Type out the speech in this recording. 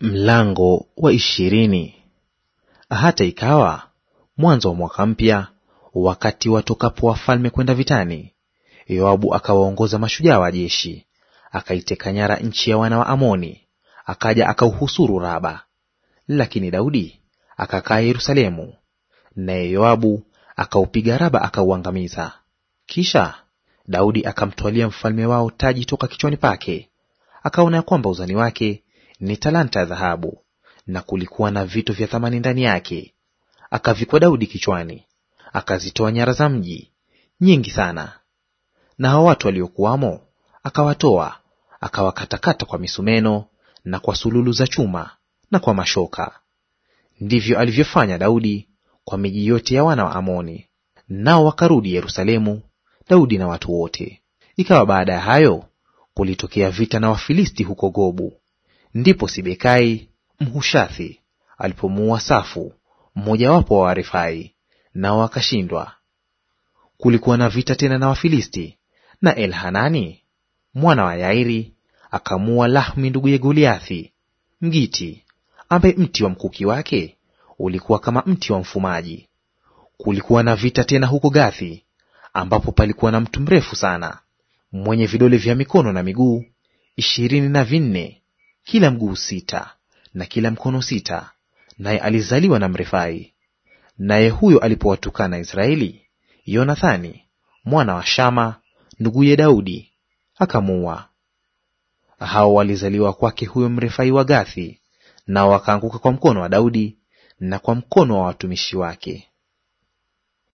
Mlango wa ishirini. Hata ikawa mwanzo wa mwaka mpya, wakati watokapo wafalme kwenda vitani, Yoabu akawaongoza mashujaa wa jeshi, akaiteka nyara nchi ya wana wa Amoni, akaja akauhusuru Raba. Lakini Daudi akakaa Yerusalemu, naye Yoabu akaupiga Raba akauangamiza. Kisha Daudi akamtwalia mfalme wao taji toka kichwani pake, akaona ya kwamba uzani wake ni talanta ya dhahabu, na kulikuwa na vito vya thamani ndani yake. Akavikwa Daudi kichwani, akazitoa nyara za mji nyingi sana. Na hao watu waliokuwamo akawatoa, akawakatakata kwa misumeno na kwa sululu za chuma na kwa mashoka. Ndivyo alivyofanya Daudi kwa miji yote ya wana wa Amoni. Nao wakarudi Yerusalemu, Daudi na watu wote. Ikawa baada ya hayo kulitokea vita na Wafilisti huko Gobu. Ndipo Sibekai Mhushathi alipomuua Safu mmojawapo wa Warefai, nao wakashindwa. Kulikuwa na vita tena na Wafilisti, na Elhanani mwana wa Yairi akamuua Lahmi nduguye Goliathi Mgiti, ambaye mti wa mkuki wake ulikuwa kama mti wa mfumaji. Kulikuwa na vita tena huko Gathi, ambapo palikuwa na mtu mrefu sana mwenye vidole vya mikono na miguu ishirini na vinne kila mguu sita na kila mkono sita, naye alizaliwa na Mrefai. Naye huyo alipowatukana Israeli, Yonathani mwana wa Shama nduguye Daudi akamuua. Hao walizaliwa kwake huyo Mrefai wa Gathi, nao wakaanguka kwa mkono wa Daudi na kwa mkono wa watumishi wake.